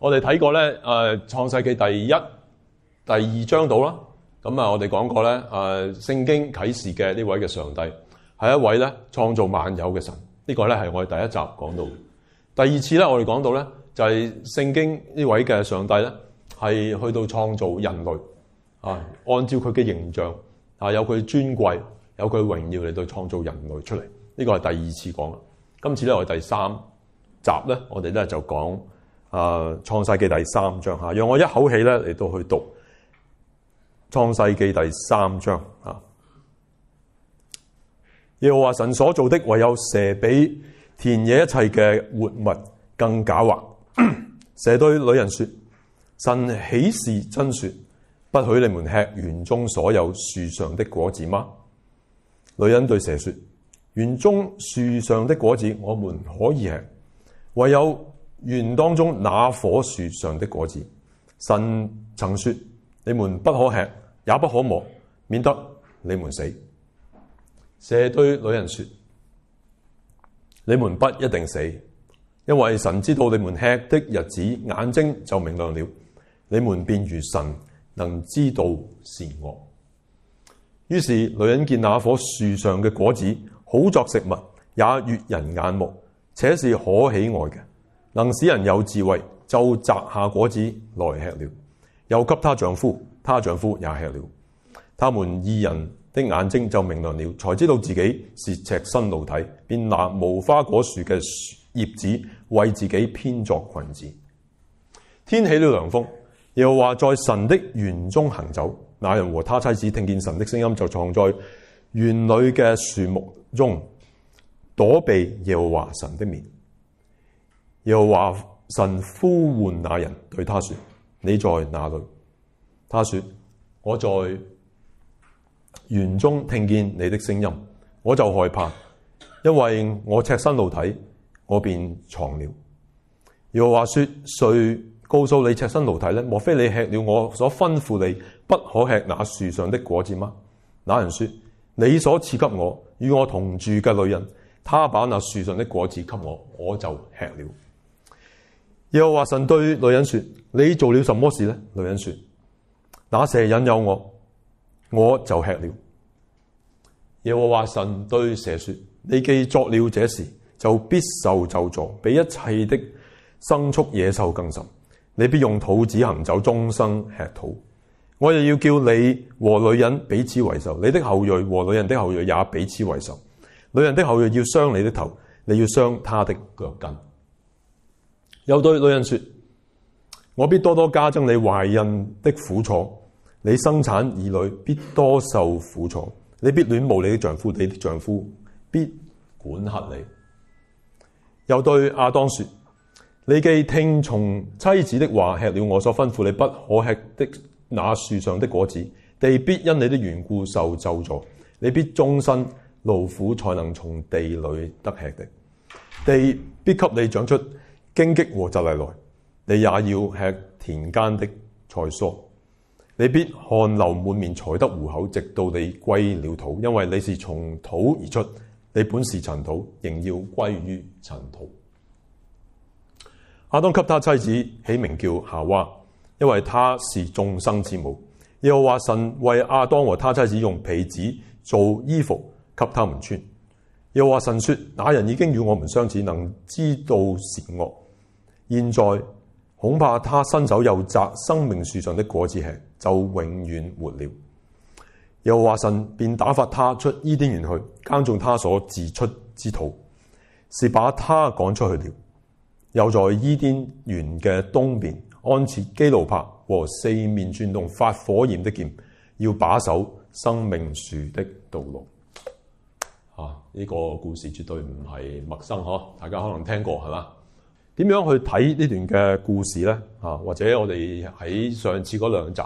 我哋睇過咧，誒創世記第一、第二章到啦，咁啊，我哋講過咧，誒聖經啟示嘅呢位嘅上帝係一位咧創造萬有嘅神，呢個咧係我哋第一集講到。第二次咧，我哋講到咧就係聖經呢位嘅上帝咧，係去到創造人類啊，按照佢嘅形象啊，有佢尊貴，有佢榮耀嚟到創造人類出嚟，呢個係第二次講。今次咧我哋第三集咧，我哋咧就講。啊！創世記第三章吓，讓我一口氣咧嚟到去讀創世記第三章啊。耶和華神所做的，唯有蛇比田野一切嘅活物更狡猾。 蛇對女人說：神豈是真說，不許你們吃園中所有樹上的果子嗎？女人對蛇說：園中樹上的果子，我們可以吃，唯有園當中那棵樹上的果子，神曾說：你們不可吃，也不可摸，免得你們死。蛇對女人說：你們不一定死，因為神知道你們吃的日子，眼睛就明亮了，你們便如神，能知道善惡。於是女人見那棵樹上嘅果子好作食物，也悅人眼目，且是可喜愛嘅。能使人有智慧，就摘下果子來吃了，又給他丈夫，他丈夫也吃了。他們二人的眼睛就明亮了，才知道自己是赤身露體，便拿無花果樹嘅葉子為自己編作裙子。天起了涼風，耶和華在神的園中行走，那人和他妻子聽見神的聲音，就藏在園裏嘅樹木中，躲避耶和華神的面。又話神呼喚那人對他說：你在哪裏？他說：我在園中聽見你的聲音，我就害怕，因為我赤身露體，我便藏了。又話說：誰告訴你赤身露體呢？莫非你吃了我所吩咐你不可吃那樹上的果子嗎？那人說：你所賜給我與我同住嘅女人，她把那樹上的果子給我，我就吃了。耶和華神對女人說：你做了什麼事呢？女人說：那蛇引誘我，我就吃了。耶和華神對蛇說：你既作了這事，就必受咒詛，比一切的牲畜野獸更甚。你必用肚子行走，終生吃土。我又要叫你和女人彼此為仇，你的後裔和女人的後裔也彼此為仇。女人的後裔要傷你的頭，你要傷他的腳跟。」又對女人說：我必多多加增你懷孕的苦楚，你生產兒女必多受苦楚，你必戀慕你的丈夫，你的丈夫必管轄你。又對亞當說：你既聽從妻子的話，吃了我所吩咐你不可吃的那樹上的果子，地必因你的緣故受咒詛，你必終身勞苦，纔能從地裏得吃的。地必給你長出。荊棘和蒺藜來，來，你也要吃田間的菜蔬。你必汗流滿面才得糊口，直到你歸了土，因為你是從土而出，你本是塵土，仍要歸於塵土。亞當給他妻子起名叫夏娃，因為他是眾生之母。又話神為亞當和他妻子用皮子做衣服給他們穿。又話神說，那人已經與我們相似，能知道善惡。現在恐怕他伸手又摘生命樹上的果子吃，就永遠活了。又話神便打發他出伊甸園去，耕種他所自出之土，是把他趕出去了。又在伊甸園嘅東邊安設基路伯和四面轉動發火焰的劍，要把守生命樹的道路。啊，呢個故事絕對唔係陌生，嗬，大家可能聽過係嘛？點樣去睇呢段嘅故事咧？或者我哋喺上次嗰兩集，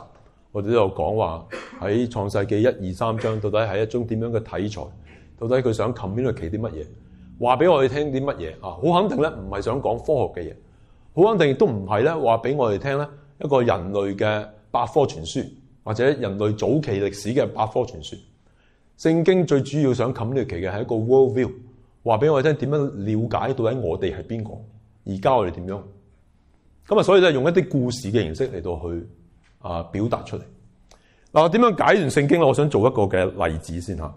我哋都有講話喺創世記一二三章，到底係一種點樣嘅體裁？到底佢想 communicate 啲乜嘢？話俾我哋聽啲乜嘢？啊，好肯定咧，唔係想講科學嘅嘢，好肯定亦都唔係咧，話俾我哋聽咧，一個人類嘅百科全書，或者人類早期歷史嘅百科全書。聖經最主要想 communicate 嘅係一個 world view，話俾我哋聽點樣了解到底我哋係邊個？而家我哋點樣？咁啊，所以咧用一啲故事嘅形式嚟到去啊表達出嚟。嗱，點樣解完聖經咧？我想做一個嘅例子先嚇。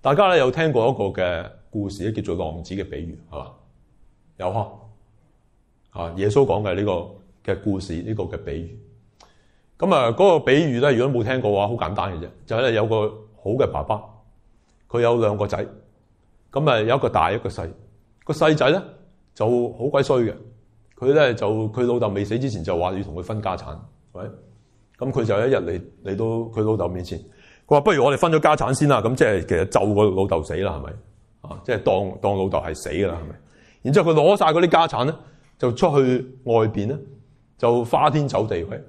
大家咧有聽過一個嘅故事咧，叫做浪子嘅比喻，係嘛？有啊，啊耶穌講嘅呢個嘅故事，呢個嘅比喻。咁啊，嗰個比喻咧，如果冇聽過嘅話，好簡單嘅啫。就係有個好嘅爸爸，佢有兩個仔，咁啊有一個大一個細，個細仔咧，就好鬼衰嘅，佢咧就佢老豆未死之前就話要同佢分家產，係咪？咁佢就一日嚟嚟到佢老豆面前，佢話不如我哋分咗家產先啦，咁即係其實就個老豆死啦，係咪？啊，即係當當老豆係死噶啦，係咪？然之後佢攞晒嗰啲家產咧，就出去外邊咧，就花天酒地喂，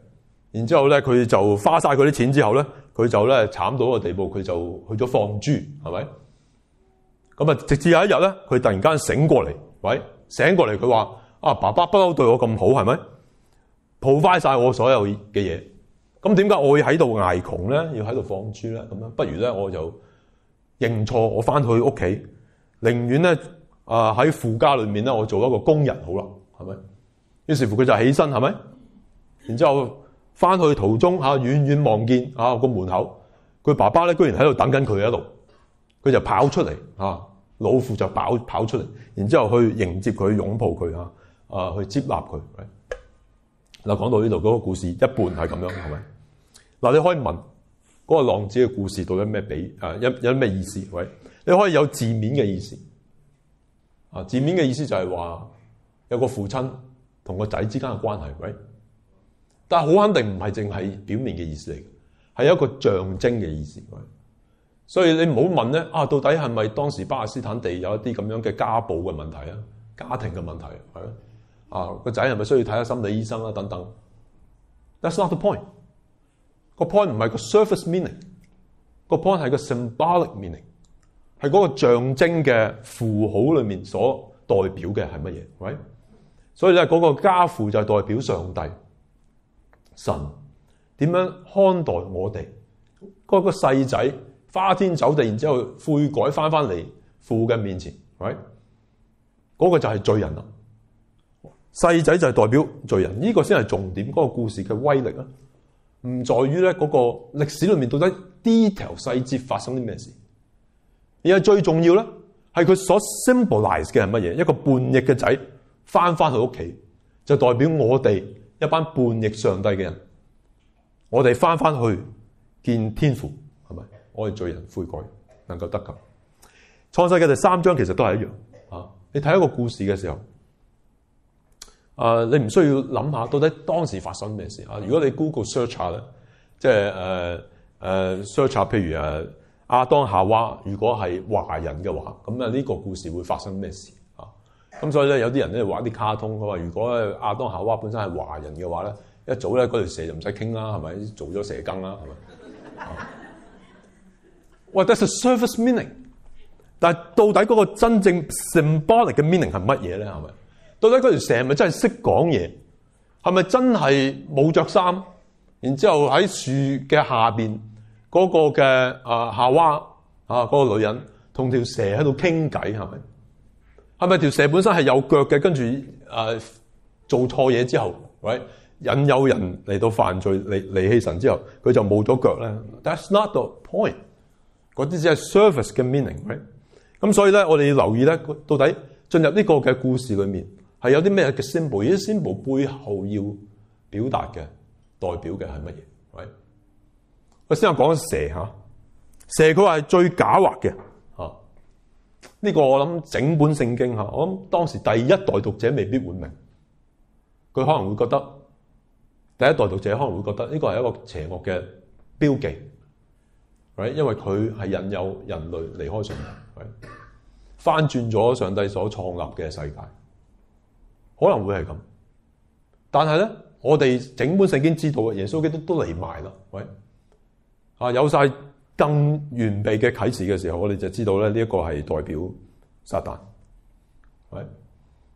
然之後咧佢就花晒嗰啲錢之後咧，佢就咧慘到個地步，佢就去咗放豬，係咪？咁啊，直至有一日咧，佢突然間醒過嚟，喂。醒過嚟，佢話：啊，爸爸不嬲對我咁好，係咪？抱翻晒我所有嘅嘢，咁點解我會喺度捱窮咧？要喺度放豬咧？咁樣不如咧，我就認錯，我翻去屋企，寧願咧啊喺父家裏面咧，我做一個工人好啦，係咪？於是乎佢就起身，係咪？然之後翻去途中嚇、啊，遠遠望見嚇個、啊啊、門口，佢爸爸咧居然喺度等緊佢喺度，佢就跑出嚟啊老父就跑跑出嚟，然之後去迎接佢，擁抱佢嚇，啊去接納佢。嗱，講到呢度嗰個故事一半係咁樣，係咪？嗱，你可以問嗰個浪子嘅故事到底咩比啊？有有咩意思？喂，你可以有字面嘅意思啊！字面嘅意思就係話有個父親同個仔之間嘅關係，喂。但係好肯定唔係淨係表面嘅意思嚟，係有一個象徵嘅意思。所以你唔好問咧，啊，到底係咪當時巴勒斯坦地有一啲咁樣嘅家暴嘅問題啊？家庭嘅問題係啊個仔係咪需要睇下心理醫生啦？等等。That's not the point。個 point 唔係個 surface meaning，個 point 係個 symbolic meaning，係嗰個象徵嘅符號裏面所代表嘅係乜嘢？Right? 所以咧嗰個家父就係代表上帝神點樣看待我哋嗰、那個細仔？花天酒地，然之後悔改翻翻嚟父嘅面前，係咪？嗰個就係罪人啦。細仔就係代表罪人，呢、這個先係重點。嗰、那個故事嘅威力啊，唔在於咧個個歷史裏面到底 detail 細節發生啲咩事。而係最重要咧，係佢所 symbolize 嘅係乜嘢？一個叛逆嘅仔翻翻去屋企，就代表我哋一班叛逆上帝嘅人，我哋翻翻去見天父。我哋罪人悔改，能夠得救。創世紀第三章其實都係一樣啊！你睇一個故事嘅時候，啊，你唔需要諗下到底當時發生咩事啊？如果你 Google search 咧、er, 啊，即係誒誒，search、er, 譬如啊，亞當夏娃，如果係華人嘅話，咁啊呢個故事會發生咩事啊？咁所以咧，有啲人咧畫啲卡通，佢話如果亞、啊、當夏娃本身係華人嘅話咧，一早咧嗰條蛇就唔使傾啦，係咪？做咗蛇羹啦，係咪？啊喂、well, that's a surface meaning，但係到底嗰個真正 symbolic 嘅 meaning 係乜嘢咧？係咪？到底嗰條蛇係咪真係識講嘢？係咪真係冇着衫？然之後喺樹嘅下邊嗰個嘅啊夏娃啊嗰個女人同條蛇喺度傾偈，係咪？係咪條蛇本身係有腳嘅？跟住誒做錯嘢之後，喂引誘人嚟到犯罪，嚟離棄神之後佢就冇咗腳咧。That's not the point。嗰啲只係 surface 嘅 meaning，咁、right? 所以咧，我哋要留意咧，到底進入呢個嘅故事裏面係有啲咩嘅 symbol，而啲 symbol 背後要表達嘅代表嘅係乜嘢？喂，我先有講蛇吓，蛇佢話係最狡猾嘅嚇，呢、啊呢個我諗整本聖經嚇，我諗當時第一代讀者未必會明，佢可能會覺得第一代讀者可能會覺得呢個係一個邪惡嘅標記。因為佢係引誘人類離開上帝，翻轉咗上帝所創立嘅世界，可能會係咁。但係咧，我哋整本聖經知道，耶穌基督都嚟埋啦。喂，啊有晒更完備嘅啟示嘅時候，我哋就知道咧呢一個係代表撒旦。喂，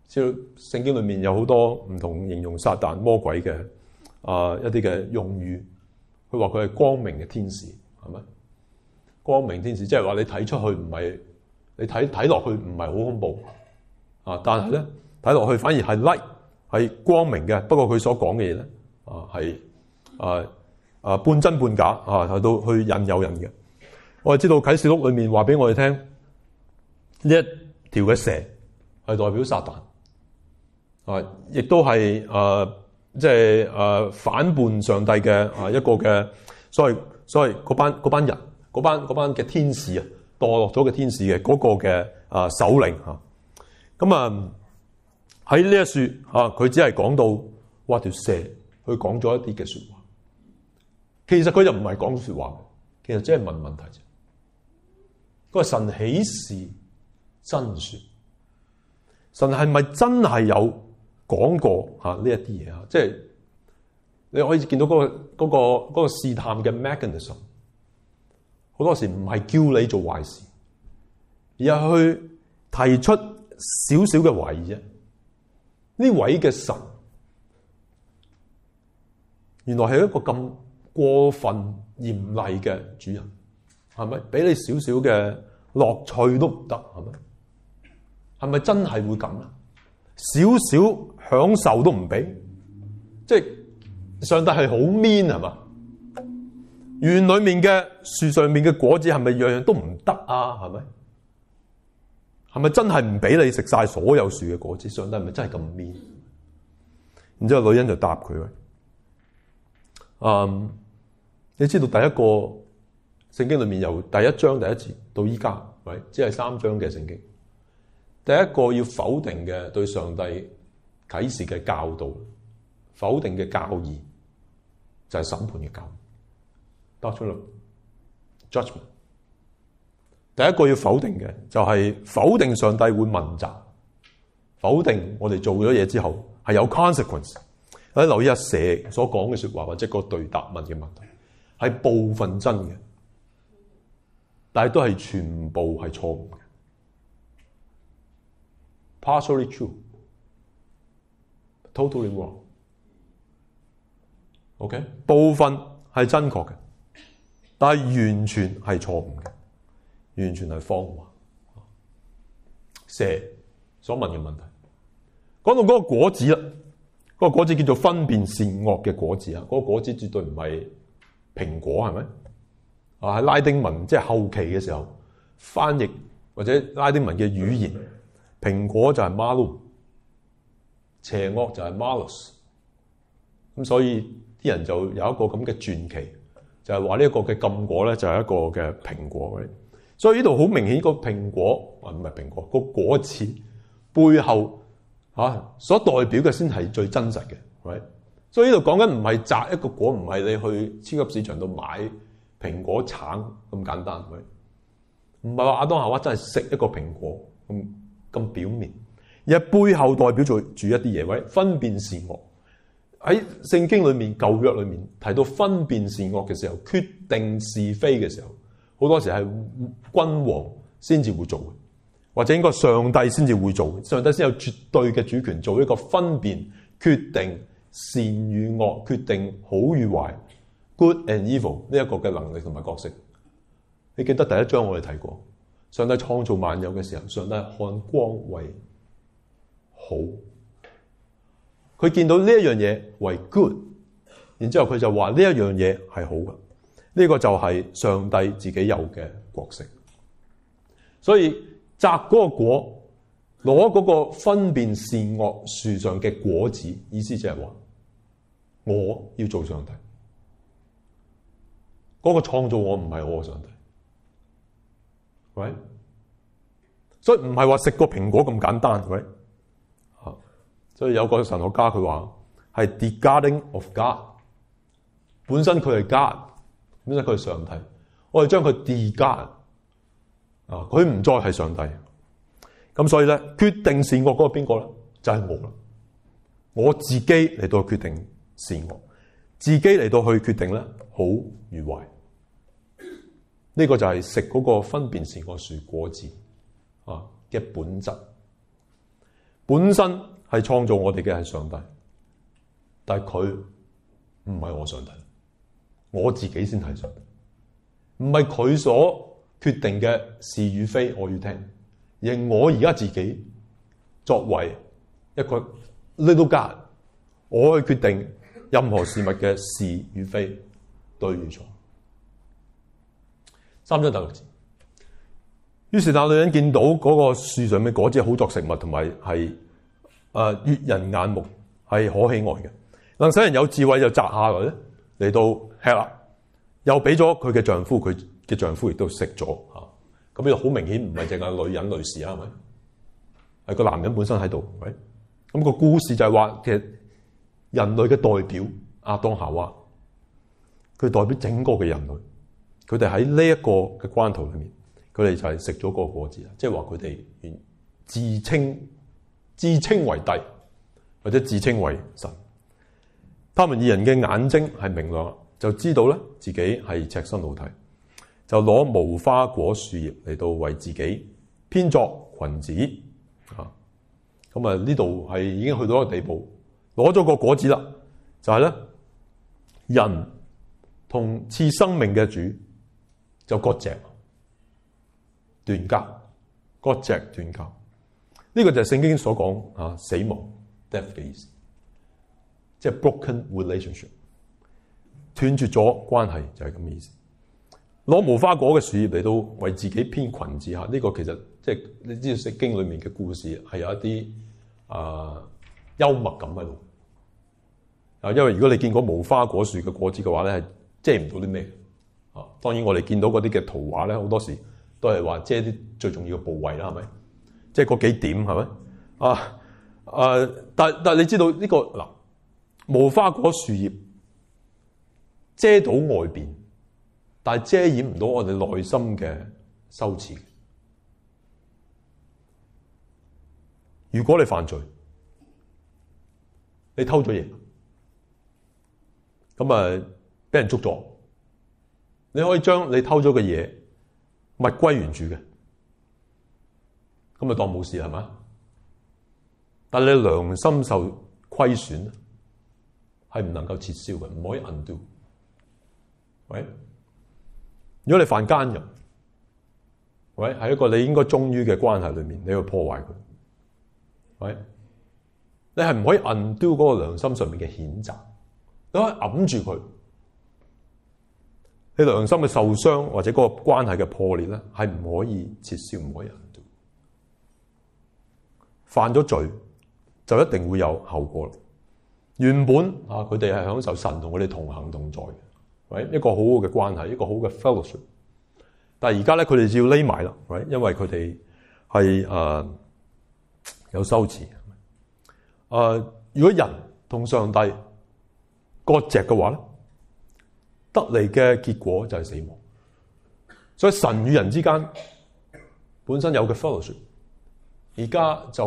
知道聖經裏面有好多唔同形容撒旦、魔鬼嘅啊一啲嘅用語，佢話佢係光明嘅天使，係咪？光明天使，即係話你睇出去唔係，你睇睇落去唔係好恐怖啊！但係咧，睇落去反而係 light，係光明嘅。不過佢所講嘅嘢咧啊，係啊啊半真半假啊，啊，到去引誘人嘅。我哋知道啟示錄裏面話俾我哋聽，呢一條嘅蛇係代表撒旦啊，亦都係啊，即、就、係、是、啊反叛上帝嘅啊一個嘅、啊，所謂所謂班班人。嗰班嗰班嘅天使，天使啊，墮落咗嘅天使嘅嗰個嘅啊首領吓，咁啊喺呢一說啊，佢只係講到條話條蛇佢講咗一啲嘅說話，其實佢就唔係講說話，嘅其實只係問問題啫。個、啊、神豈是真說，神係咪真係有講過吓呢一啲嘢啊？即係、啊就是、你可以見到嗰、那個嗰、那個、那個試、那個、探嘅 mechanism 好多時唔係叫你做壞事，而係去提出少少嘅懷疑啫。呢位嘅神，原來係一個咁過分嚴厲嘅主人是不是，係咪？俾你少少嘅樂趣都唔得，係咪？係咪真係會咁啦？少少享受都唔俾，即係上帝係好 mean 係嘛？園裏面嘅樹上面嘅果子係咪樣樣都唔得啊？係咪係咪真係唔俾你食晒所有樹嘅果子？上帝係咪真係咁 mean？然之後女人就答佢，嗯，你知道第一個聖經裏面由第一章第一節到依家，喂，只係三章嘅聖經，第一個要否定嘅對上帝啟示嘅教導，否定嘅教義，就係審判嘅教。答出嚟，judgement。Und, judgment, 第一個要否定嘅，就係否定上帝會問責，否定我哋做咗嘢之後係有 consequence。喺留意阿蛇所講嘅說的話或者個對答問嘅問題，係部分真嘅，但係都係全部係錯誤嘅，Partially true，Totally wrong。OK，部分係真確嘅。但係完全係錯誤嘅，完全係謊話。蛇所問嘅問題，講到嗰個果子啦，嗰個果子叫做分辨善惡嘅果子啊！嗰個果子絕對唔係蘋果，係咪？啊，係拉丁文，即係後期嘅時候翻譯或者拉丁文嘅語言，蘋果就係 malum。邪惡就係 malus。咁所以啲人就有一個咁嘅傳奇。就係話呢一個嘅禁果咧，就係一個嘅蘋果。所以呢度好明顯，個蘋果啊，唔係蘋果，個果子背後吓所代表嘅先係最真實嘅，係咪？所以呢度講緊唔係摘一個果，唔係你去超級市場度買蘋果、橙咁簡單，唔係。唔係話阿當夏娃真係食一個蘋果咁咁表面，而係背後代表住住一啲嘢，喂，分辨善惡。喺聖經裏面舊約裏面提到分辨善惡嘅時候，決定是非嘅時候，好多時係君王先至會做嘅，或者應該上帝先至會做。上帝先有絕對嘅主權，做一個分辨、決定善與惡、決定好與壞 （good and evil） 呢一個嘅能力同埋角色。你記得第一章我哋提過，上帝創造萬有嘅時候，上帝看光為好。佢見到呢一樣嘢為 good，然之後佢就話呢一樣嘢係好㗎。呢個就係上帝自己有嘅角色。所以摘嗰個果，攞嗰個分辨善惡樹上嘅果子，意思即係話我要做上帝嗰個創造，我唔係我的上帝。喂，所以唔係話食個蘋果咁簡單，喂。所以有個神學家佢話係 de-godding of God。本身佢係 God，本身佢係上帝，我哋將佢 de-god 啊，佢唔再係上帝。咁，所以咧，決定善惡嗰個邊個咧就係、是、我啦，我自己嚟到決定善惡，自己嚟到去決定咧好與壞，呢個就係食嗰個分辨善惡樹果子啊嘅本質本身。係創造我哋嘅係上帝，但係佢唔係我上帝，我自己先係上帝。唔係佢所決定嘅是與非，我要聽。而我而家自己作為一個 little god，i 我去決定任何事物嘅是與非、對與錯。三章大字。於是那女人見到嗰個樹上面果子好作食物，同埋係。誒，悅人眼目係可喜愛嘅，能使人有智慧就摘下來咧嚟到吃啦，又俾咗佢嘅丈夫，佢嘅丈夫亦都食咗吓。咁呢度好明顯唔係淨係女人女士啦，係咪、嗯？係吧個男人本身喺度，咁、嗯那個故事就係話，其實人類嘅代表亞當夏娃，佢代表整個嘅人類，佢哋喺呢一個嘅關頭裏面，佢哋就係食咗個果子，即係話佢哋自稱。自稱為帝或者自稱為神，他們二人嘅眼睛係明亮，就知道咧自己係赤身露體，就攞無花果樹葉嚟到為自己編作裙子啊！咁、嗯、啊，呢度係已經去到一個地步，攞咗個果子啦，就係、是、咧人同賜生命嘅主就割席斷交、割席斷交。呢個就係聖經所講啊，死亡 death 嘅意思，即係 broken relationship，斷絕咗關係就係咁嘅意思。攞無花果嘅樹葉嚟到為自己編裙子吓，呢個其實即係你知道聖經裏面嘅故事係有一啲啊、呃、幽默感喺度啊，因為如果你見過無花果樹嘅果子嘅話咧，係遮唔到啲咩啊。當然我哋見到嗰啲嘅圖畫咧，好多時都係話遮啲最重要嘅部位啦，係咪？即係嗰幾點係咪？啊，啊但但你知道呢個嗱，無花果樹葉遮到外面，但係遮掩唔到我哋內心嘅羞恥。如果你犯罪，你偷咗嘢，咁啊俾人捉咗，你可以將你偷咗嘅嘢物歸原主嘅。咁咪當冇事係嘛？但係你良心受虧損，係唔能夠撤銷嘅，唔可以 undo。喂，如果你犯奸人，喂，喺一個你應該忠於嘅關係裏面，你去破壞佢，喂，你係唔可以 undo 嗰個良心上面嘅譴責，你可以揞住佢。你良心嘅受傷或者嗰個關係嘅破裂咧，係唔可以撤銷，唔可以。犯咗罪就一定會有後果。原本啊，佢哋係享受神同佢哋同行同在嘅，喂，一個好好嘅關係，一個好嘅 fellowship。但係而家咧，佢哋就要匿埋啦，喂，因為佢哋係誒有羞恥。誒，如果人同上帝割席嘅話咧，得嚟嘅結果就係死亡。所以神與人之間本身有嘅 fellowship 而家就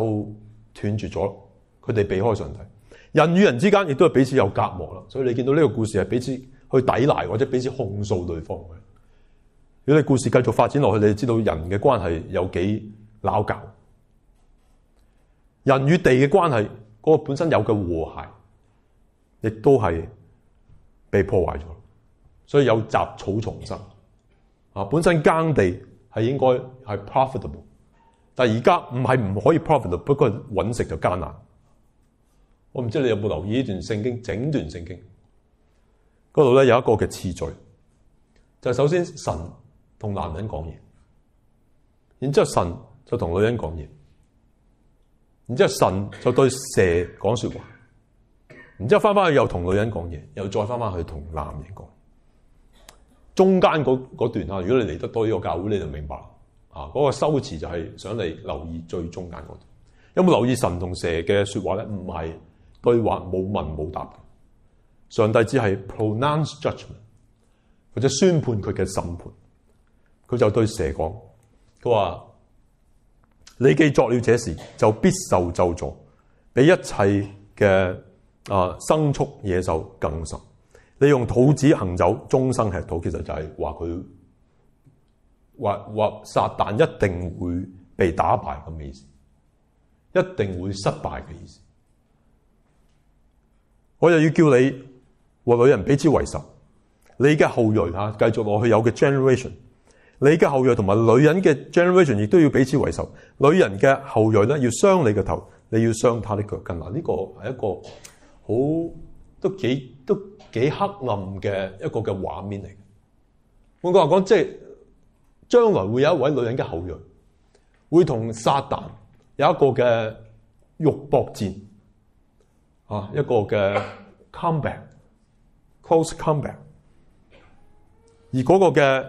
斷絕咗，佢哋避開上帝，人與人之間亦都係彼此有隔膜啦。所以你見到呢個故事係彼此去抵賴或者彼此控訴對方嘅。如果你故事繼續發展落去，你就知道人嘅關係有幾撈攪，人與地嘅關係嗰、那個本身有嘅和諧，亦都係被破壞咗，所以有雜草叢生。啊，本身耕地係應該係 profitable。但而家唔係唔可以 profit，不過揾食，就艱難。我唔知你有冇留意呢段聖經，整段聖經嗰度咧有一個嘅次序，就係首先神同男人講嘢，然之後神就同女人講嘢，然之後神就對蛇講說話，然之後翻翻去又同女人講嘢，又再翻翻去同男人講。中間嗰段啊，如果你嚟得多呢個教會，你就明白。啊！嗰個修辭就係想你留意最中間嗰度，有冇留意神同蛇嘅說話咧？唔係對話，冇問冇答嘅。上帝只係 pronounce judgment 或者宣判佢嘅審判。佢就對蛇講：佢話你既作了這事，就必受咒詛，比一切嘅啊牲畜野獸更甚。你用肚子行走，終生吃土，其實就係話佢。或或撒旦一定會被打敗咁嘅意思，一定會失敗嘅意思。我又要叫你和女人彼此為仇，你嘅後裔吓繼續落去有嘅 generation，你嘅後裔同埋女人嘅 generation 亦都要彼此為仇。女人嘅後裔咧要傷你嘅頭，你要傷他啲腳跟，嗱。呢個係一個好都幾都幾黑暗嘅一個嘅畫面嚟。換句話講，即係。將來會有一位女人嘅後裔，會同撒旦有一個嘅肉搏戰，啊，一個嘅 combat，close combat，而嗰個嘅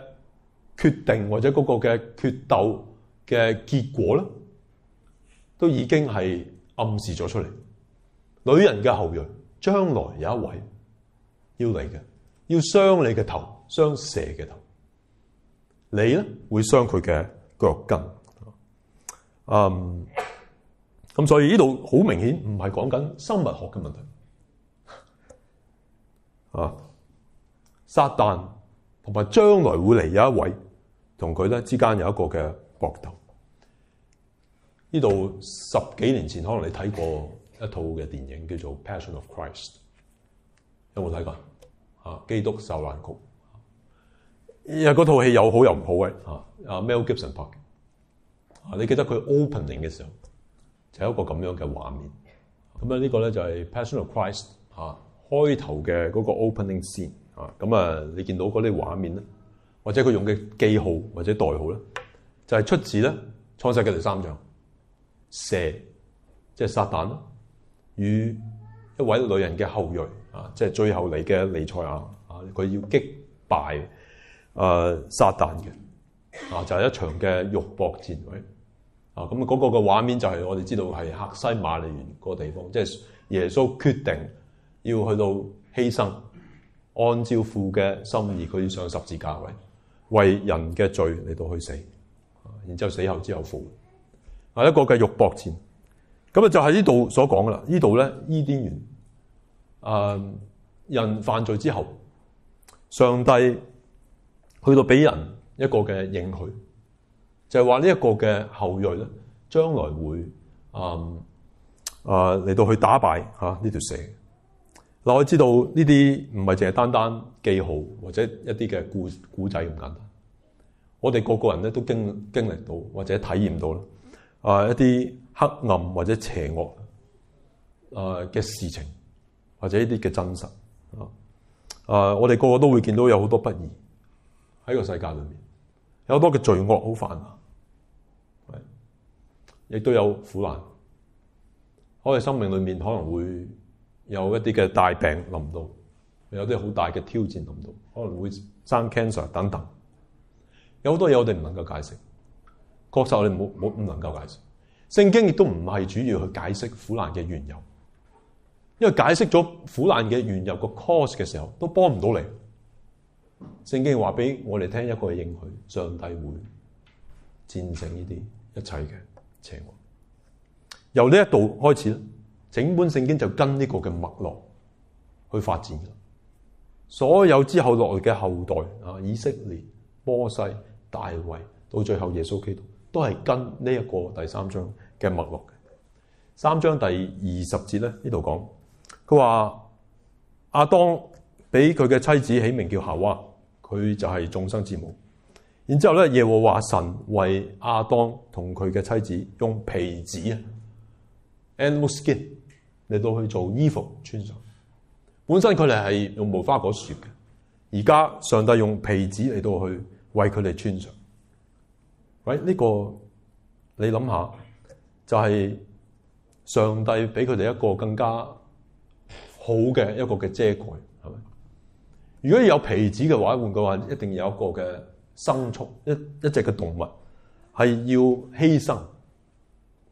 決定或者嗰個嘅決鬥嘅結果咧，都已經係暗示咗出嚟。女人嘅後裔將來有一位要嚟嘅，要傷你嘅頭，傷蛇嘅頭。你咧會傷佢嘅腳跟，嗯，咁所以呢度好明顯唔係講緊生物學嘅問題，啊，撒旦同埋將來會嚟有一位同佢咧之間有一個嘅搏鬥。呢度這裡十幾年前可能你睇過一套嘅電影叫做《Passion of Christ》，有冇睇過啊？《基督受難曲》。又嗰套戲又好又唔好嘅，阿 Mel Gibson 拍嘅你記得佢 opening 嘅時候，就有一個咁樣嘅畫面。咁啊，呢個咧就係 Passion of Christ 嚇開頭嘅嗰個 opening scene 啊。咁啊，你見到嗰啲畫面咧，或者佢用嘅記號或者代號咧，就係出自咧創世記第三章，蛇即係撒旦，咯，與一位女人嘅後裔啊，即係最後嚟嘅彌賽亞啊，佢要擊敗。誒、呃，撒旦嘅啊，就係、是、一場嘅肉搏戰位啊！咁、那、嗰個嘅畫面就係我哋知道係客西馬尼園個地方，即、就、係、是、耶穌決定要去到犧牲，按照父嘅心意，佢要上十字架位、啊，為人嘅罪嚟到去死，啊、然之後死後之後父、啊，一個嘅肉搏戰。咁啊，就喺呢度所講噶啦，呢度咧伊甸園，誒，人犯罪之後，上帝。去到俾人一個嘅應許，就係話呢一個嘅後裔咧，將來會啊啊嚟到去打敗吓呢、啊、條蛇。嗱，我知道呢啲唔係淨係單單記號或者一啲嘅故故仔咁簡單。我哋個個人咧都經經歷到或者體驗到咧啊一啲黑暗或者邪惡啊嘅事情，或者一啲嘅真實啊啊，我哋個個都會見到有好多不義。喺個世界裏面，有好多嘅罪惡好泛濫，亦都有苦難。我哋生命裏面可能會有一啲嘅大病臨到，有啲好大嘅挑戰臨到，可能會生 cancer 等等。有好多嘢我哋唔能夠解釋，確實我哋冇冇唔能夠解釋，聖經亦都唔係主要去解釋苦難嘅緣由，因為解釋咗苦難嘅緣由個 cause 嘅時候，都幫唔到你。聖經話俾我哋聽一個應許，上帝會戰勝呢啲一切嘅邪惡。由呢一度開始，整本聖經就跟呢個嘅脈絡去發展。所有之後落嚟嘅後代啊，以色列、波西、大衞，到最後耶穌基督，都係跟呢一個第三章嘅脈絡嘅三章第二十節咧。呢度講，佢話阿當俾佢嘅妻子起名叫夏娃。佢就係眾生之母。然之後咧，耶和華神為亞當同佢嘅妻子用皮子啊 a n i skin） 嚟到去做衣服穿上。本身佢哋係用無花果樹嘅，而家上帝用皮子嚟到去為佢哋穿上。喂、這個，呢個你諗下，就係、是、上帝俾佢哋一個更加好嘅一個嘅遮蓋，係咪？如果有皮子嘅話，換句話，一定有一個嘅牲畜，一一隻嘅動物係要犧牲，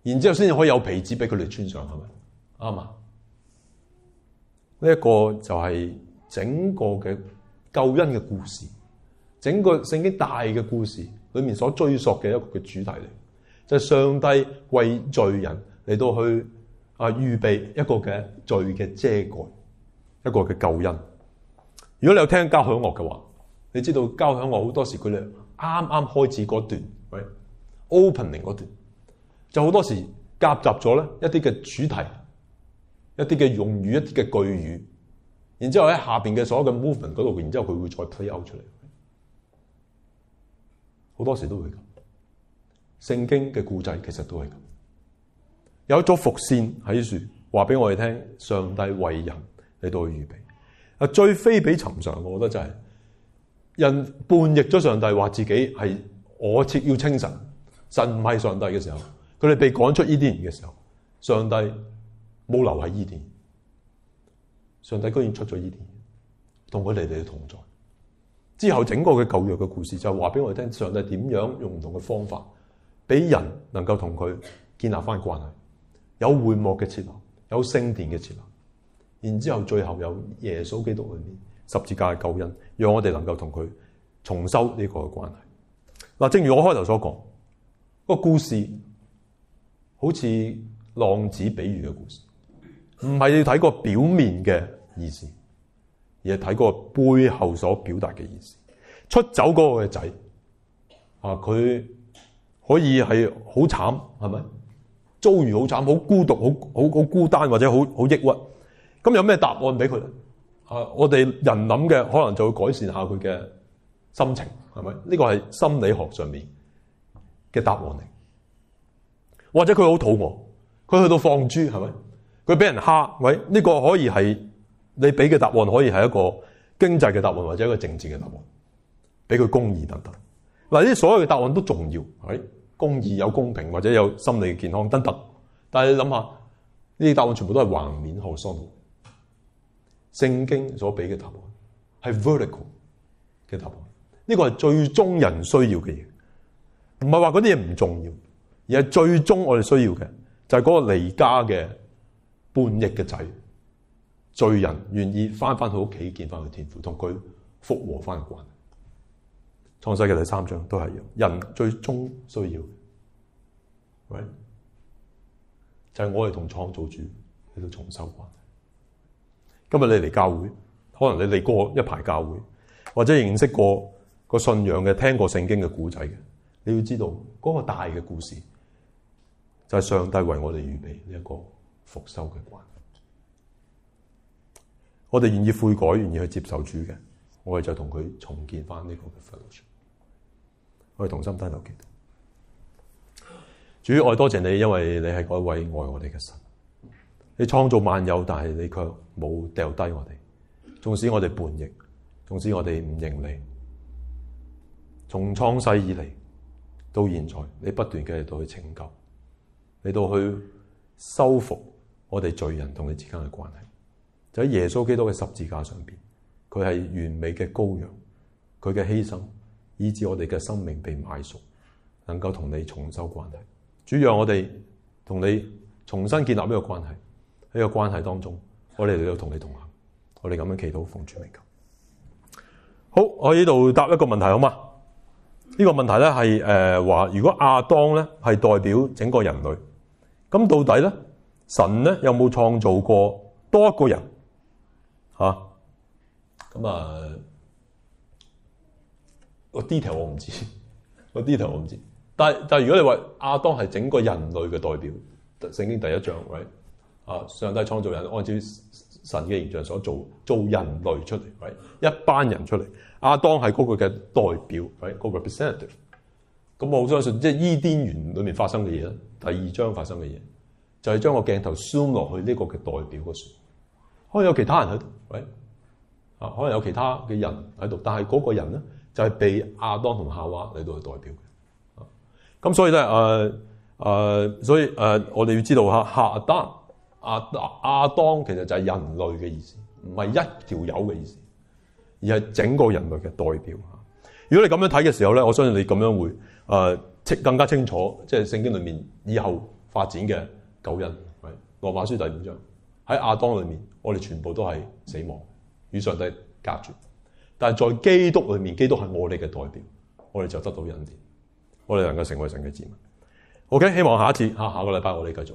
然之後先至可以有皮子俾佢哋穿上，係咪啱啊？呢一、這個就係整個嘅救恩嘅故事，整個聖經大嘅故事裏面所追溯嘅一個嘅主題嚟，就係、是、上帝為罪人嚟到去啊預備一個嘅罪嘅遮蓋，一個嘅救恩。如果你有聽交響樂嘅話，你知道交響樂好多時佢哋啱啱開始嗰段，喂 Right?，opening 嗰段，就好多時夾雜咗咧一啲嘅主題、一啲嘅用語、一啲嘅句語，然之後喺下邊嘅所有嘅 movement 嗰度，然之後佢會再推 l 出嚟，好多時都會這樣。聖經嘅故仔其實都係咁，有一咗伏線喺樹，話俾我哋聽，上帝為人你都到預備。最非比尋常，我覺得就係人叛逆咗上帝，話自己係我切要稱神，神唔係上帝嘅時候，佢哋被趕出伊甸園嘅時候，上帝冇留喺伊甸，上帝居然出咗伊甸，同佢哋哋同在。之後整個嘅舊約嘅故事就話俾我哋聽，上帝點樣用唔同嘅方法，俾人能夠同佢建立翻關係，有會幕嘅設立，有聖殿嘅設立。然之後，最後有耶穌基督裏面十字架嘅救恩，讓我哋能夠同佢重修呢個嘅關係。嗱，正如我開頭所講，個故事好似浪子比喻嘅故事，唔係要睇個表面嘅意思，而係睇個背後所表達嘅意思。出走嗰個嘅仔啊，佢可以係好慘，係咪？遭遇好慘，好孤獨，好好好孤單，或者好好抑鬱。咁有咩答案俾佢？啊，我哋人諗嘅可能就會改善下佢嘅心情，係咪？呢個係心理學上面嘅答案嚟。或者佢好肚餓，佢去到放豬，係咪？佢俾人蝦，喂，呢個可以係你俾嘅答案，可以係一個經濟嘅答案，或者一個政治嘅答案，俾佢公義等等。嗱，呢所有嘅答案都重要，喂，公義有公平，或者有心理健康等等。但係你諗下，呢啲答案全部都係橫面嘅生活。聖經所俾嘅答案係 vertical 嘅答案，呢個係最終人需要嘅嘢，唔係話嗰啲嘢唔重要，而係最終我哋需要嘅就係、是、嗰個離家嘅叛逆嘅仔，罪人願意翻翻去屋企見翻佢天父，同佢復和翻嘅關係。創世嘅第三章都係一樣，人最終需要的、嘅、right?，就係我哋同創造主喺度重修關係。今日你嚟教會，可能你嚟過一排教會，或者認識過個信仰嘅，聽過聖經嘅古仔嘅，你要知道嗰個大嘅故事就係上帝為我哋預備呢一個復修嘅關。我哋願意悔改，願意去接受主嘅，我哋就同佢重建翻呢個 foundation。我哋同心低頭祈禱，主要愛多謝你，因為你係嗰一位愛我哋嘅神。你創造萬有，但係你卻冇掉低我哋，縱使我哋叛逆，縱使我哋唔認你，從創世以嚟到現在，你不斷嘅嚟到去拯救，嚟到去修復我哋罪人同你之間嘅關係，就喺耶穌基督嘅十字架上邊，佢係完美嘅羔羊，佢嘅犧牲以致我哋嘅生命被買贖，能夠同你重修關係，主讓我哋同你重新建立呢個關係。呢個關係當中，我哋喺度同你同行，我哋咁樣祈禱奉主名求。好，我呢度答一個問題好嗎？呢、這個問題咧係誒話，呃、如果亞當咧係代表整個人類，咁到底咧神咧有冇創造過多一個人吓？咁啊，個 detail，啊、我唔知，個 detail 我唔知。但係但係，如果你話亞當係整個人類嘅代表，聖經第一章喂啊！上帝創造人按照神嘅形象所做，做人類出嚟，喂一班人出嚟。阿當係嗰個嘅代表，喂、嗰個 representative。咁我好相信，即係伊甸園裏面發生嘅嘢咧，第二章發生嘅嘢，就係將個鏡頭 zoom 落去呢個嘅代表嗰時，可能有其他人喺度，喂啊，可能有其他嘅人喺度，但係嗰個人咧就係被亞當同夏娃嚟到去代表嘅。咁所以咧，誒、呃、誒，所以誒、呃呃，我哋要知道嚇，亞當。阿阿亞當其實就係人類嘅意思，唔係一條友嘅意思，而係整個人類嘅代表。如果你咁樣睇嘅時候咧，我相信你咁樣會誒、呃，更加清楚，即係聖經裏面以後發展嘅救恩。係羅馬書第五章喺亞當裏面，我哋全部都係死亡與上帝隔絕，但係在基督裏面，基督係我哋嘅代表，我哋就得到恩典，我哋能夠成為神嘅子民。OK，希望下一次吓下個禮拜我哋繼續。